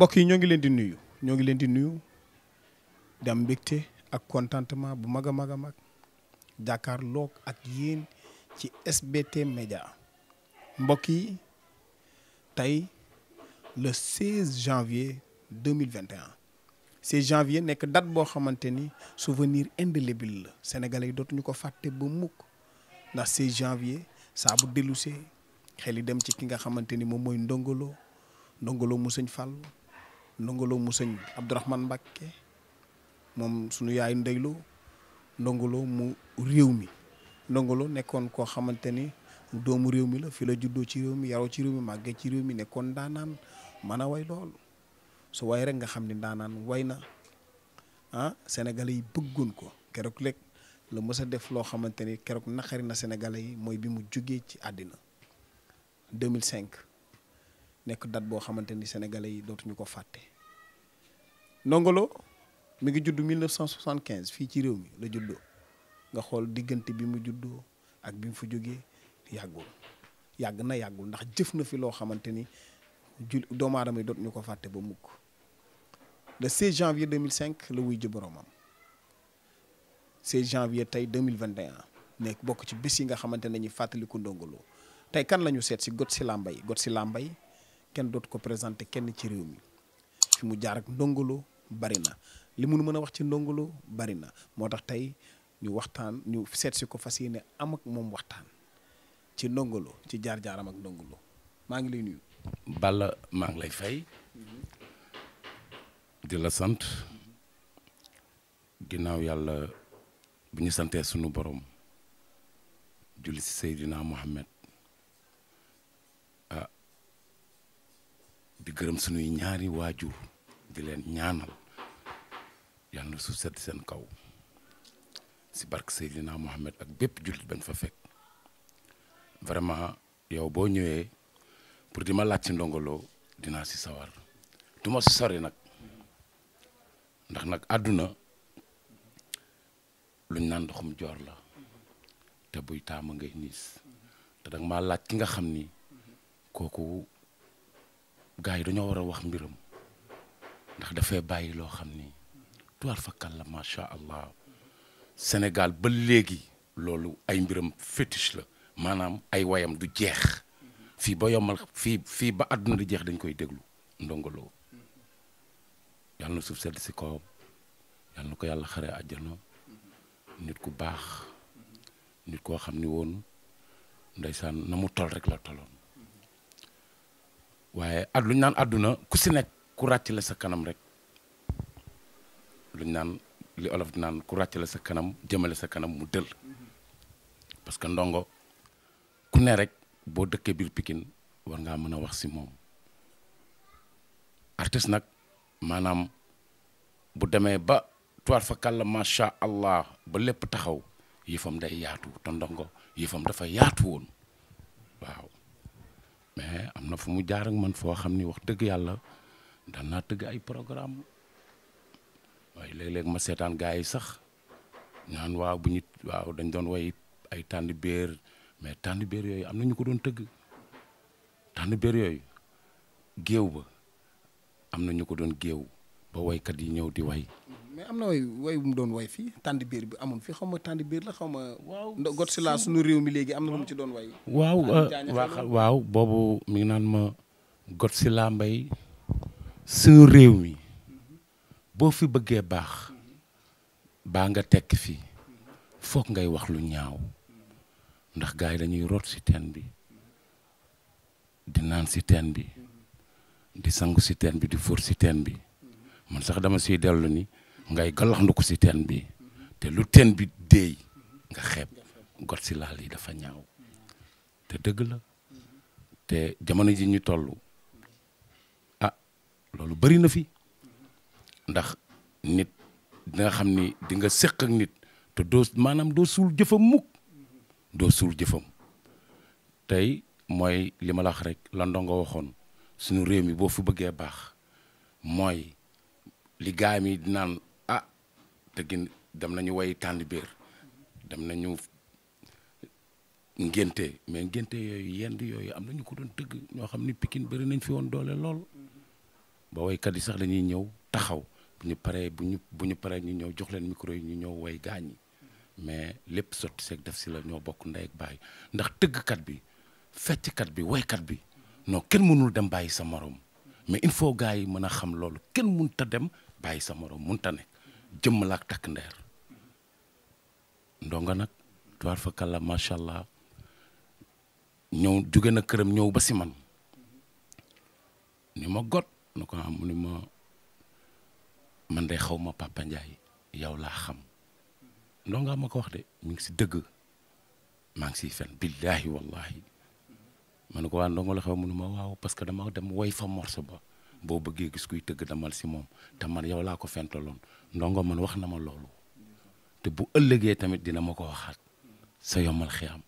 mbokk yi ñoo ngi leen di nuyu ñoo ngi leen di nuyu di am ak contentement bu mag a mag a mag jàkkaarloog ak yéen ci SBT Média mbokk yi tey le 16 janvier 2021 16 janvier nekk dat boo xamante ni souvenir indélébile la sénégalais yi dootuñu ko fàtte ba mukk ndax 16 janvier saa bu dellusee xel yi dem ci ki nga xamante ni moom mooy ndongolo ndongolo mu sëñ Fallou ndongolo mu sëñ Abdourahmane Mbacke moom sunu yaay ndeylu ndongolo mu réew mi ndongolo nekkoon koo xamante ni doomu réew mi la fi la juddoo ci réew mi yaroo ci réew mi màggee ci réew mi nekkoon daanaan mën a way lool su way rek nga xam ni daanaan way na ah sénégalais yi bëggoon ko keroog rek la mës a def loo xamante ni keroog naqari na sénégalais yi mooy bi mu jógee ci àddina 2005 nekk date boo xamante ni sénégalais yi dootuñu ko fàtte Ndongo Lo mi ngi judd 1975 fii ci réew mi la juddoo nga xool diggante bi mu juddo ak bi mu fa jógee yàggul yàgg na yàggul ndax jëf na fi loo xamante ni ju doomu aadama yi doot ñu ko fàtte ba mukk le 16 janvier 2005 la wuy ji boromam 16 janvier tey 2021 nekk bokk ci bés yi nga xamante ne ñu fàttaliku Ndongo Lo tey kan la ñu seet si got si got si Godsila Mbaye kenn dootu ko présenté kenn ci réew mi fi mu jaar ak Ndongo bari na li mun mën a wax ci Ndongo Lo bari na moo tax tey ñu waxtaan ñu seetsi ko fas yéene am ak moom waxtaan ci Ndongo ci jaar-jaaram ak Ndongo maa ngi lay nuyu. Balla maa ngi lay fay. di la sant. ginnaaw yàlla bu ñu santee sunu borom. julli ci Seydina Mohamed ah di gërëm sunuy ñaari waajur di leen ñaanal. yàlla na suuf sedd seen kaw si barke Seydina Mohamed ak bépp jullit bañ fa fekk vraiment yow boo ñëwee pour di ma laaj ci Ndongo Lo dinaa si sawar duma ma si sori nag ndax nag àdduna luñ naan ndoxum joor la te buy taama ngay niis te danga maa laaj ki nga xam ni kooku gars yi dañoo war a wax mbiram ndax dafay bàyyi loo xam ni. tuwaar fakkal la macha allah Sénégal ba léegi loolu ay mbiram fétiche la maanaam ay wayam du jeex fii ba yombal fii fii ba àdduna di jeex dañ koy déglu Ndongo Lo yàlla na suuf sedd si kaw yàlla na ko yàlla xare àjjana nit ku baax nit koo xam ni woon ndeysaan na mu tol rek la toloon waaye at lu ñu naan àdduna ku si nekk ku ràcc la sa kanam rek luñ naan li olof di naan ku ràccale sa kanam jëmale sa kanam mu dël parce que ndongo ku ne rek boo dëkkee biir pikin war ngaa mën a wax si moom artiste nag maanaam bu demee ba tuwaar fa kàlla macha allah ba lépp taxaw yëfam day yaatu te ndongo yëfam dafa yaatu woon waaw mais am na fu mu jaar ak man foo xam ni wax dëgg yàlla daan naa tëgg ay programme waaye léeg-léeg ma seetaan gars yi sax naan waaw bu ñu waaw dañ doon way ay tànn béer mais tànn yooyu am na ñu ko doon tëgg tànn béer yooyu géew ba am na ñu ko doon géew ba waykat yi ñëw di way. mais am na way way bu mu doon way fii tànn biir bi amul fii xaw ma tànn biir la xaw ma. waaw got si laa sunu réew mi léegi am na lu mu ci doon way. waaw euh, waaw boobu mi ngi naan ma got si laa mbay sunu réew mi boo fi bëggee baax baa nga tekk fi foog ngay wax lu ñaaw ndax gars yi dañuy root ci teen bi di naan ci teen bi di sangu ci teen bi di fóor ci teen bi man sax dama siy dellu ni ngay galaxndiku ci teen bi te lu teen bi deey nga xeeb got ci laal yi dafa ñaaw te dëgg la te jamono ji ñu tollu ah loolu bari na fi ndax nit di xam ni dinga nga séq ak nit te doo maanaam doo suul jëfam mukk doo suul jëfam tey mooy li ma la wax rek la ndongo waxoon suñu réew mi boo fi bëggee baax mooy li yi di naan ah te gin dem nañu way tànd biir dem nañu ngénte mais ngénte yooyu yend yooyu am nañu ko doon tëgg ñoo xam ni Pikine bari nañ fi woon doole lool ba waykat yi sax lañuy ñëw taxaw bu ñu paree bu ñu bu ñu paree ñu ñëw jox leen micro yi ñu ñëw woy gaañ yi mais lépp sotti seeg def si la ñoo bokk ndey ak baay ndax tëggkat bi fecckat bi woykat bi noo kenn mënul dem bàyyi sa moroom mais il faut gars yi mën a xam loolu kenn mënut a dem bàyyi sa morom mënut a nekk jëmm la ak takk ndeer ndongo nag tuwaar fa kàlla macha allah ñëw jóge na këram ñëw ba si man ni ma got nu ko am ni ma. man de xaw ma Papa Ndiaye yow laa xam ndongaa ma ko wax de mu ngi si dëgg maa ngi siy fen billaahi wallaahi ma ne ko waa ndongo la xaw mënu ma waaw parce que dama dem woy fa morso ba boo bëggee gis kuy tëgg damal si moom te man yow laa ko fentaloon ndongo man wax na ma loolu te bu ëllëgee tamit dina ma ko waxaat sa yomal xiyam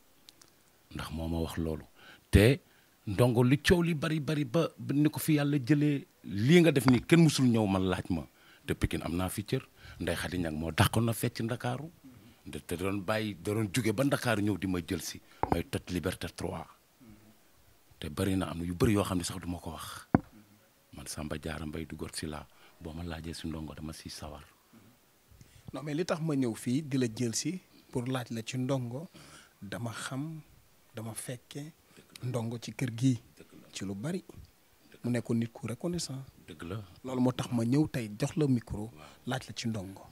ndax moo ma wax loolu te ndongo lu coow li bari bari ba ni ko fi yàlla jëlee lii nga def nii kenn musul ñëw man laaj ma te am naa fi cër Ndeye Khady moo moo dàqoon na fecc Ndakaaru te doon bàyyi da doon jóge ba Ndakaaru ñëw di ma jël si may toj Liberté 3 te bari na am yu bëri yoo xam ne sax duma ko wax man Samba Diarra Mbaye du got si laa boo ma laajee si ndongo dama si sawar. non mais li tax ma ñëw fii di la jël si pour laaj la ci ndongo dama xam dama fekke ndongo ci kër gi ci lu bari mu nekkoon nit ku reconnaissant dëgg la loolu moo tax ma ñëw tey jox la micro laaj la ci ndongo.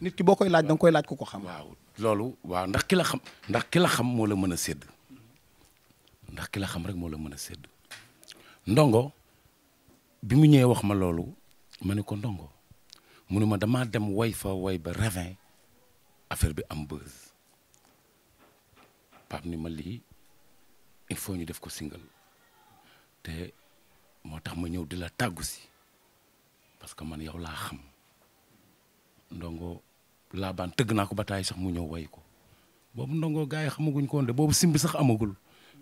nit ki boo koy laaj danga koy laaj ku ko xam. waaw loolu waaw ndax ki la xam ndax ki la xam moo la mën a sedd ndax ki xam rek moo la mën a sédd ndongo bi mu ñëwee wax ma loolu ma ne ko ndongo mu ne ma damaa dem woy fa woy ba ravin affaire bi am buzz Pape ni ma lii il faut ñu def ko single te moo tax ma ñëw di la tàggu si parce que man yow laa xam ndongo laabaan tëgg naa ko ba taay sax mu ñëw way ko boobu ndongo gars yi xamaguñ ko woon boobu simb sax amagul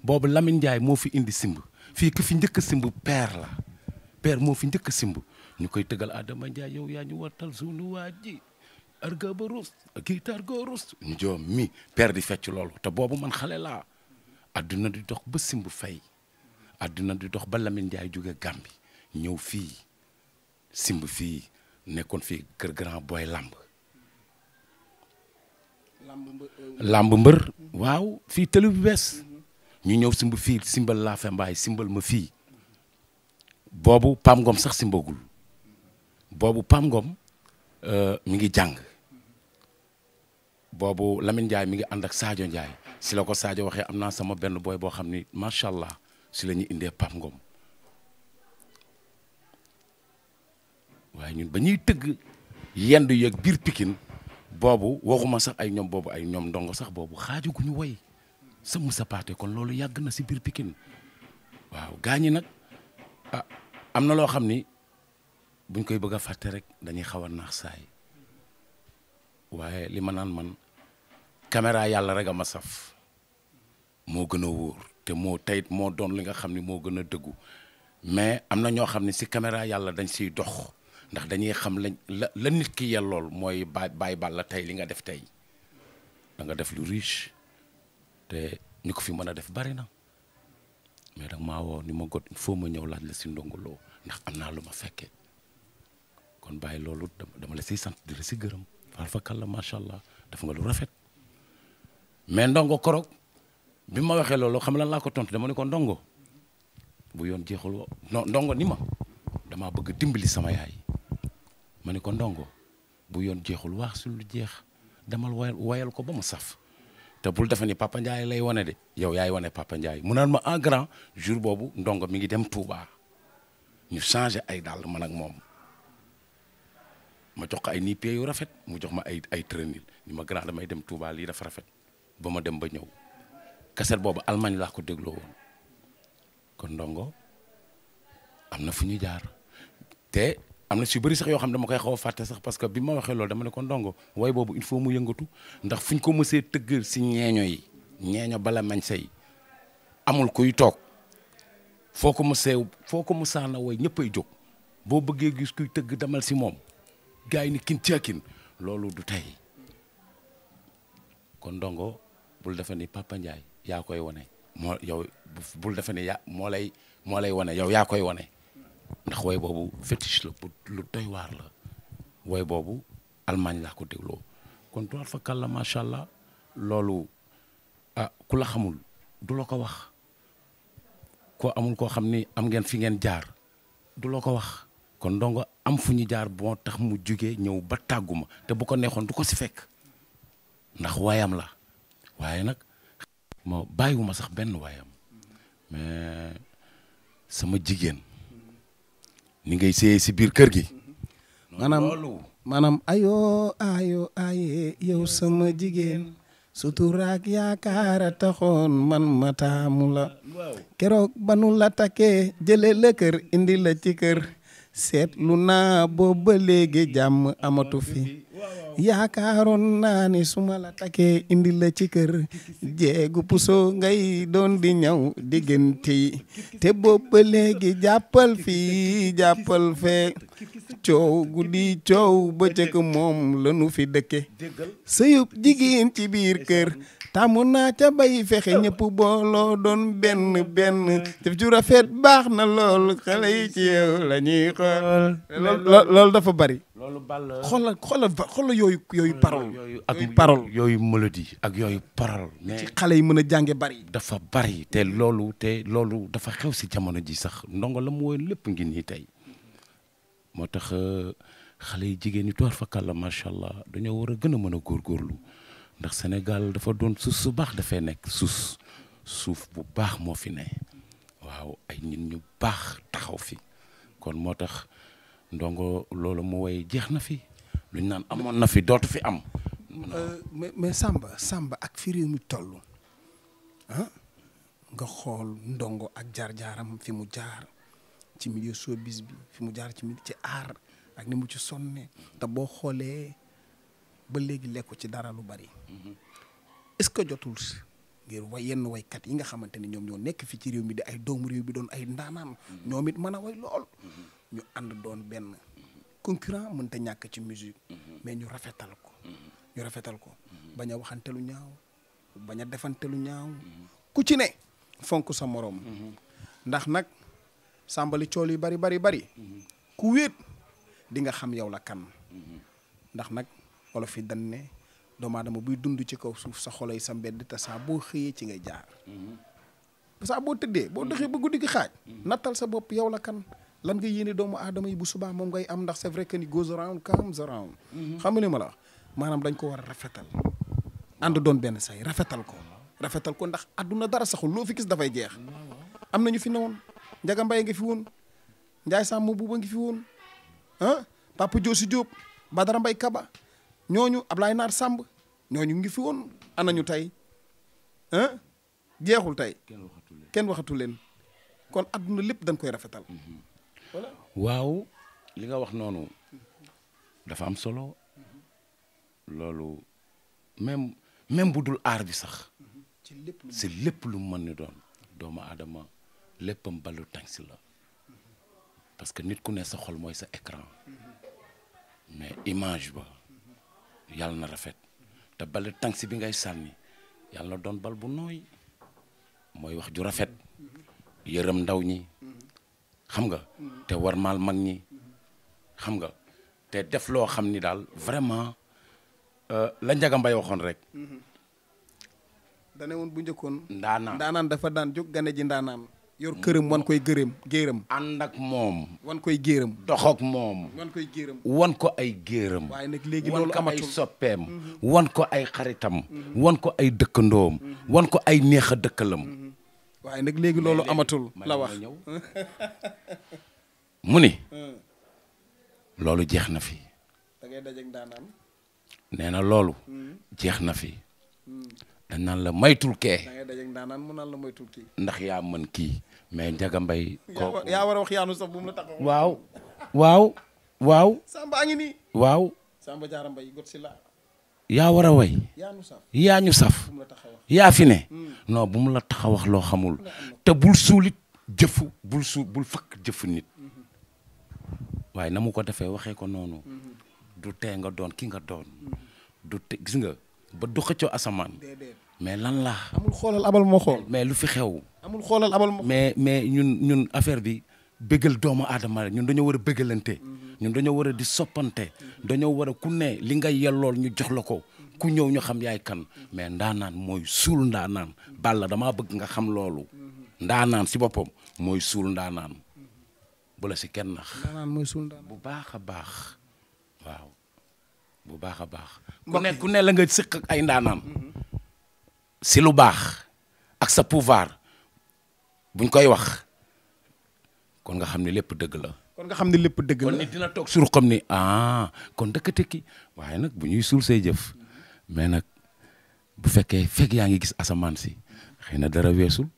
boobu Lamine Ndiaye moo fi indi simb fii ku fi njëkk simb peer la père moo fi njëkk simb ñu koy tëggal Adama Ndiaye yow yaa ñu wattal suñu waa ji arga ba rus guitar go rus ñu mi peer di fecc loolu te boobu man xale laa adduna di dox ba simb fay àdduna di dox ba Lamine Ndiaye jóge Gàmbi ñëw fii simb fii nekkoon fii kër grand boy lamb làmb euh, mbër mhm. waaw fii télé bu bees mhm. ñu ñëw simb fii simbal laa fe mbaay simbal ma fii boobu Pam Ngom sax simbagul boobu Pam Ngom euh, mi ngi jàng boobu Lamine Ndiaye mi ngi ànd ak Sadio Ndiaye si la ko Sadio waxee am naa sama benn booy boo xam ni macha allah si la ñu indee Pape Ngom waaye ñun ba ñuy tëgg yendu yeeg biir Pikine boobu waxuma sax ay ñoom boobu ay ñoom ndongo sax boobu xaajaguñu woy sa Moussa Pathé kon loolu yàgg na si biir pikin waaw gaa ñi nag ah am na loo xam ni buñ koy bëgg a fàtte rek dañuy xaw a naax saay waaye li ma naan man kameraa yàlla rek a ma saf moo gën a wóor te moo tey moo doon li nga xam ni moo gën a dëggu mais am na ñoo xam ne si caméra yàlla dañ siy dox ndax dañuy xam lañ la la nit ki yellool mooy baay baay bàll la tey li nga def tey danga def lu riche te ñu ko fi mën a def bari na mais da maa woo ni ma got il ma ñëw laaj la si Ndongo Lo ndax am naa lu ma fekkee kon bàyyi loolu dama la siy sant di la si gërëm faal fa kàlla macha allah def nga lu rafet mais Ndongo Korog bi ma waxee loolu xam lan laa ko tontu dama ne ko bu yoon jeexul wo non ni ma damaa bëgg dimbali sama yaay ma ne ko ndongo bu yoon jeexul wax su lu jeex damal wayal wayal ko ba mu saf te bul defe ni papa Ndiaye lay wane de yow yaay wane papa Ndiaye mu naan ma en grand jour boobu ndongo mi ngi dem Touba ñu changé ay dàll man ak moom ma jox ko ay nippé yu rafet mu jox ma ay ay trenil ni ma grand damay dem Touba lii dafa rafet ba ma dem ba ñëw. kaset boobu Allemagne laa ko dégloo woon kon ndongo am na fu ñu jaar te am na si bëri sax yoo xam ne dama koy xaw a fàtte sax parce que bi ma waxee loolu dama ne ko ndongo way boobu il faut mu yëngatu ndax fu ñu ko mësee tëgg si ñeeño yi ñeeño bala mañ say amul kuy toog foo ko mësee foo ko mësaana way ñëpp ay jóg boo bëggee gis kuy tëgg demal si moom gars yi ni kin caakin loolu du tey kon ndongo bul defe ni Papa yaa koy wane moo yow bul defe ne yaa moo lay moo lay wane yow yaa koy wane ndax woy boobu fétiche la bu lu doy waar la woy boobu Allemagne laa ko dégloo kon tuwaat fa kàlla macha allah loolu ah ku la du la ko wax koo amul koo xam ni am ngeen fi ngeen jaar du la ko wax kon ndongo am fu ñu jaar boo tax mu jugee ñëw ba tàgguma te bu ko neexoon du ko si fekk ndax waayam la waaye nag ma bàyyiwuma sax benn waayam mais sama jigéen ni ngay seeyee si biir kër gi. maanaam maanaam ayoo ayoo aye yow sama jigéen. suturaak yaakaara taxoon man ma taamu la keroog banu la takkee jële la kër indi la ci kër seet lu naa booba léegi jàmm amatu fi yaakaaroon naa ni su ma la takkee indi la ci kër jéegu puso ngay doon di ñëw diggante yi te boobu ba léegi jàppal fii jàppal fee coow guddi coow bëccëg moom la nu fi dëkke sëyub jigéen ci biir kër taamu naa ca bay fexe ñëpp booloo doon benn benn def ju rafet baax na lool xale yi ci yow la ñuy xool. loolu dafa bari. loolu ball xoolal xoolal yooyu yooyu parole. yooyu ak parole yooyu mélodie ak yooyu parole. mais ci xale yi mën a jànge bari. dafa bari te loolu te loolu dafa xew si jamono ji sax ndongo la mu woy lépp ngi nii tey moo tax euh, xale yi jigéen ñi toor fa kàlla macha allah dañoo war a gën a mën a góorgóorlu. ndax Sénégal dafa doon suuf su baax dafay nekk suuf suuf bu baax moo fi ne waaw ay nit ñu baax taxaw fi kon moo tax ndongo loolu mu woy jeex na fi luñ naan amoon na fi dootu fi am. Euh, mais sàmba Samba ak fi réew mi tollu ah nga xool ndongo ak jaar-jaaram fi mu jaar ci milieu showbiz bi fi mu jaar ci ci aar ak ni mu ci sonne te boo xoolee. ba léegi lekku ci dara lu bari. Mhm. est-ce que jotul ngir way yenn waykat yi nga xamante ni ñoom ñoo nekk fii ci réew mi di ay doomu réew bi doon ay ndaanaan mhm. ñoom it mën a way lool mhm. ñu ànd doon benn concurrent mënta ñàkk ci musique mais ñu rafetal ko ñu rafetal ko bañ a waxante lu ñaaw bañ a defante lu ñaaw ku ci ne fonk sa moroom ndax nag sàmbali cool yu bari bari bari ku wéet di nga xam yow la kan ndax nag olof yi dañ ne doomu aadama buy dund ci kaw suuf sa xolay sa te saa boo xëyee ci ngay jaar. Mm-hmm. saa boo tëddee boo doxee ba guddi gi xaaj. Mm-hmm. sa bopp yow la kan lan nga yéene doomu aadama yi bu subaa moom ngay am ndax c'est vrai que ni goes around comes around. Mm-hmm. xam nga ni ma la wax maanaam dañ ko war a rafetal. and doon benn say rafetal ko. rafetal ko ndax àdduna dara saxul loo fi gis dafay jeex. am na ñu fi newoon Njaga Mbaye nga fi woon Njaay Sàmm Buuba ngi fi woon ah Papa Joosi Jóob Badara Mbay Kaba. ñooñu Ablaye Naar Samb ñooñu ngi fi woon anañu tey ah jeexul tey kenn waxatu leen kon àdduna lépp dañ koy rafetal waaw li nga wax noonu dafa am solo loolu même même bu dul aar bi sax ci lépp si lépp lu mën ni doon doomu aadama léppam ballu tàng si la parce que nit ku ne sa xol mooy sa écran mm-hmm. mais image ba yàlla na rafet te bal tànksi bi ngay sànni yàlla doon bal bu nooy mooy wax ju rafet yërëm ndaw ñi xam nga te war warmaal mag ñi xam nga te def loo xam ni daal vraiment euh, la Ndiaga Mbaye waxoon rek. Mhm. dane woon bu njëkkoon. ndaanaan ndaanaan dafa daan jóg gane ji ndaanaan. yor këram wan koy gërëm géeram. ànd ak moom. wan koy géeram. doxak moom. wan koy géeram. wan ko ay géeram. waaye nag léegi loolu amatul wan ko ay soppeem. Mm-hmm. wan ko ay xaritam. wan ko ay dëkkandoom. Mm-hmm. wan ko ay neex a dëkkalam. Mm-hmm. waaye nag léegi loolu amatul. la wax mu ni. Mm. loolu jeex na fi. da ngay dajeeg nee na loolu. Mm. jeex na fi. Mm. dañ naan la maytul kee. da ngay dajeeg daanaan mu naan ndax ya mën kii. mais njaga mbay yaa war a wax yaanu sax bu mu la taxaw. waaw waaw waaw. ngi nii. waaw. Samba Diarra Mbaye si la. yaa war a way. yaa ñu saf. yaa fi ne. Hmm. non bu mu la taxa wax loo xamul. te bul suulit jëfu bul suul bul fakk jëfu nit. Hmm. waaye na mu ko defee waxee ko noonu. Hmm. du tee nga doon ki nga doon. du te gis nga ba du xëccoo asamaan. mais lan la amul xoolal abal moo xool. mais lu fi xew. amul xoolal amal mais mais ñun ñun affaire bi bëggal doomu aadama ñun dañoo war a bëggalante ñun dañoo war a di soppante dañoo war a ku ne li nga yellool ñu jox la ko ku ñëw ñu xam yaay kan mais ndaanaan mooy suul ndaanaan Balla damaa bëgg nga xam loolu ndaanaan si boppam mooy suul ndaanaan bu si kenn nax ndaanaan mooy suul ndaanaan bu baax a baax waaw bu baax a baax ku ne ku ne la nga sëq ay ndaanaan si lu baax ak sa pouvoir buñ koy wax kon nga xam ne lépp dëgg la. kon nga xam ne lépp dëgg la kon nit dina toog suur xam ni ah kon dëkkate ki waaye nag bu ñuy suul say jëf mais nag bu fekkee fekk yaa ngi gis asamaan si xëy na dara weesul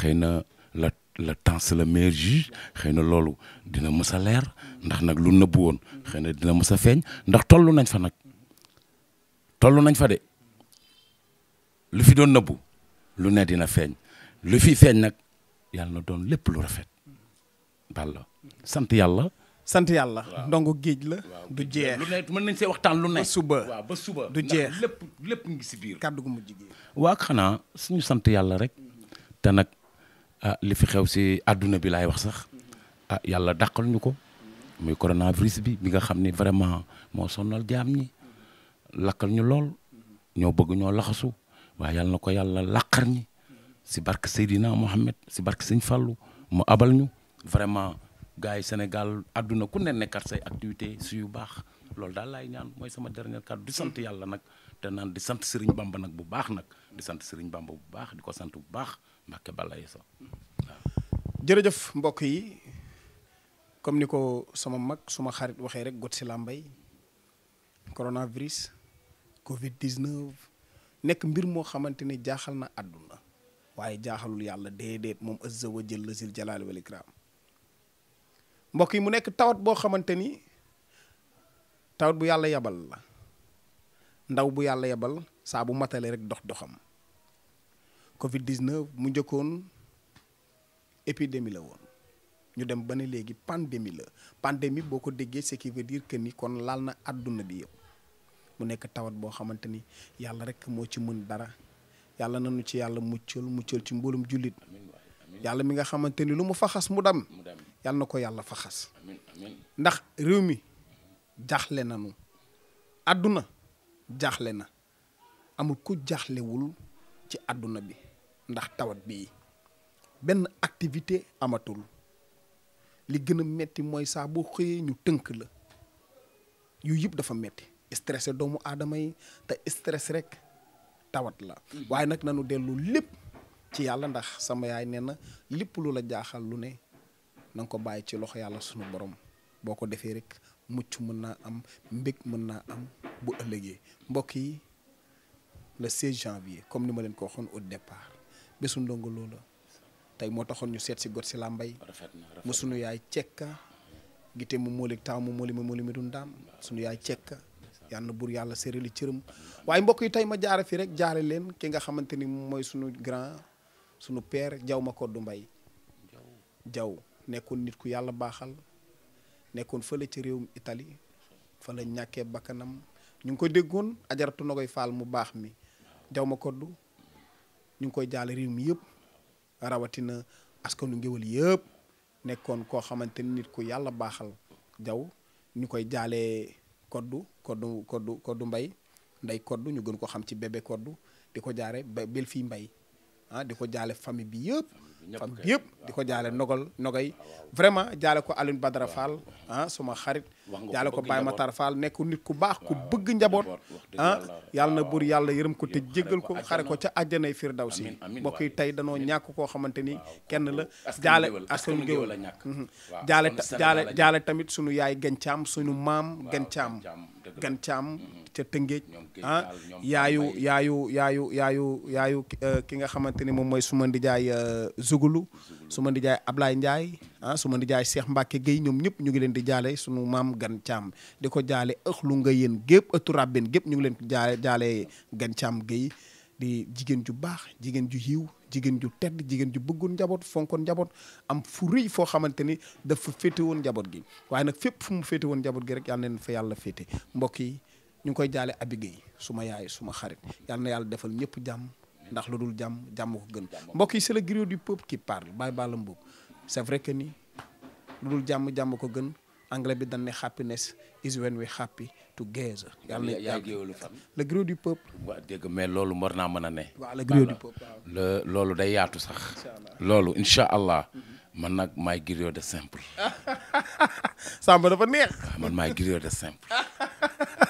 xëy na la. tense temps c'est le meilleur xëy na loolu dina mës a leer ndax nag lu nëbbu woon xëy na dina mës a feeñ ndax tollu nañ fa nag tollu nañ fa de lu fi doon nëbbu lu ne dina feeñ lu fi feeñ nag yàlla na doon lépp lu rafet. Balla sant yàlla. sant yàlla ndongo géej la. du jeex lu ne mën nañ see waxtaan lu ne. ba suba ba suba. du jeex lépp lépp ngi si biir. kàddu gu mujj gi. waa xanaa suñu sant yàlla rek. te nag ah, li fi xew si àdduna bi laay wax sax. ah yàlla dàqal ñu ko. muy coronavirus bi bi nga xam ni vraiment moo sonnal jaam ñi. lakkal ñu lool. ñoo bëgg ñoo laxasu. waaye yàlla na ko yàlla làqar ñi. si barke Seydina Mohamed si bark Sëñ Fallou mu abal ñu vraiment gars yi Sénégal àdduna ku ne nekkat say activité si yu baax loolu daal laay ñaan mooy sama dernier kàddu di sant yàlla nag te naan di sant Serigne Bamba nag bu baax nag di sant Serigne Bamba bu baax di ko sant bu baax Mbàkke bala Yeso waaw. jërëjëf mbokk yi comme ni ko sama mag suma xarit waxee rek got si làmbay coronavirus Covid 19 nekk mbir moo xamante ni jaaxal na àdduna. waaye jaaxalul yàlla déedéet moom azza wa jalla zil jalaali wal ikraam mbokk yi mu nekk tawat boo xamante ni tawat bu yàlla yabal ndaw bu yàlla yabal saa bu matale rek dox doxam covid 19 mu njëkkoon épidémie la woon ñu dem ba ne léegi pandémie la pandémie boo ko déggee ce qui veut dire que ni kon laal na àdduna bi yëpp mu nekk tawat boo xamante ni yàlla rek moo ci mën dara yàlla nañu ci yàlla muccal muccal ci mboolum jullit yàlla mi nga xamante ni lu mu faxas mu dam yàlla na ko yàlla faxas ndax réew mi jaaxle nañu àdduna jaaxle na amul ku jaaxlewul ci àdduna bi ndax tawat bii benn activité amatul li gën a metti mooy saabu boo xëyee ñu tënk la yu yëpp dafa metti stressé doomu aadama yi te stress rek tawat la mhm. waaye nag nanu dellu lépp ci yàlla ndax sama yaay nee na lépp lu la jaaxal lu ne na ko bàyyi ci loxo yàlla sunu borom boo ko defee rek mucc mën naa am mbég mën naa am bu ëllëgee mbokk yi le 16 janvier comme ni ma leen ko waxoon au départ bésu Ndongo Lo la tey moo taxoon ñu seet si got si làmbay mu sunu yaay cekka gite mu mooli taamu mooli ma mooli mi dun daam sunu yaay cekka yal na buur yàlla sérili cëram waaye mbokk yi tey ma jaare fi rek jaare leen ki nga xamante ni mooy suñu grand suñu peer jaw ma koddu mbay jaw nekkoon nit ku yàlla baaxal nekkoon fële ci réewum Italie fa la ñàkkee bakkanam ñu ngi koy déggoon ajaratu koy faal mu baax mi jaw ma koddu ñu ngi koy jaale réew mi yëpp rawatina askanu ngéwal yëpp nekkoon koo xamante ni nit ku yàlla baaxal jaw ñu koy jaalee koddu koddu koddu koddu mbay nday koddu ñu gën ko xam ci bébé koddu di ko jaare bel fii mbay ah di ko jaale famille bi yëpp fan bi yëpp di ko jaale nogal nogay vraiment jaale ko Alioune Badara Fall ah suma xarit jaale ko Baye Matar Fall nekku nit ku baax ku bëgg njaboot ah, yàlla na buur yàlla yërëm ko te jéggal ko xare ko ca àjjanay firdawsi mbokk yi tey danoo ñàkk koo xamante ni kenn la jaale askanu géwël mhm. jaale jaale jaale tamit sunu yaay gencaam sunu maam gencaam gan caam mm-hmm. ca tëngéej ah yaayu yaayu yaayu yaayu yaayu euh, ki nga xamante ni moom mooy suma ndijaay euh, Zugulu suma ndijaay Ablaye Ndiaye ah suma ndijaay Cheikh Mbacke Gueye ñoom ñëpp ñu ngi leen di jaale sunu maam gan di ko jaale ëxlu nga yéen gépp ëttu rabbin gépp ñu ngi leen di jaale jaale gan caam di jigéen ju baax jigéen ju yiw jigéen ju tedd jigéen ju bëggoon njaboot fonkoon njaboot am fu rëy foo xamante ni dafa féete woon njaboot gi waaye nag fépp fu mu féete woon njaboot gi rek yal na fa yàlla féete mbokk yi ñu ngi koy jaale Abi Gueye suma yaay suma xarit yal na yàlla defal ñëpp jàmm ndax lu dul jàmm jàmm ko gën mbokk yi c'est le griot du peuple qui parle Baye Balla Mboup c'est vrai que ni lu dul jàmm jàmm ko gën anglais bi dañ ne happiness is when we happy together. yàlla yaa géwélu fan. le griot du peuple. waaw mais loolu war naa mën a ne. waaw le griot loolu day yaatu sax. loolu incha allah. man nag maay griot de simple. Samba dafa neex. Ah, man maay de simple.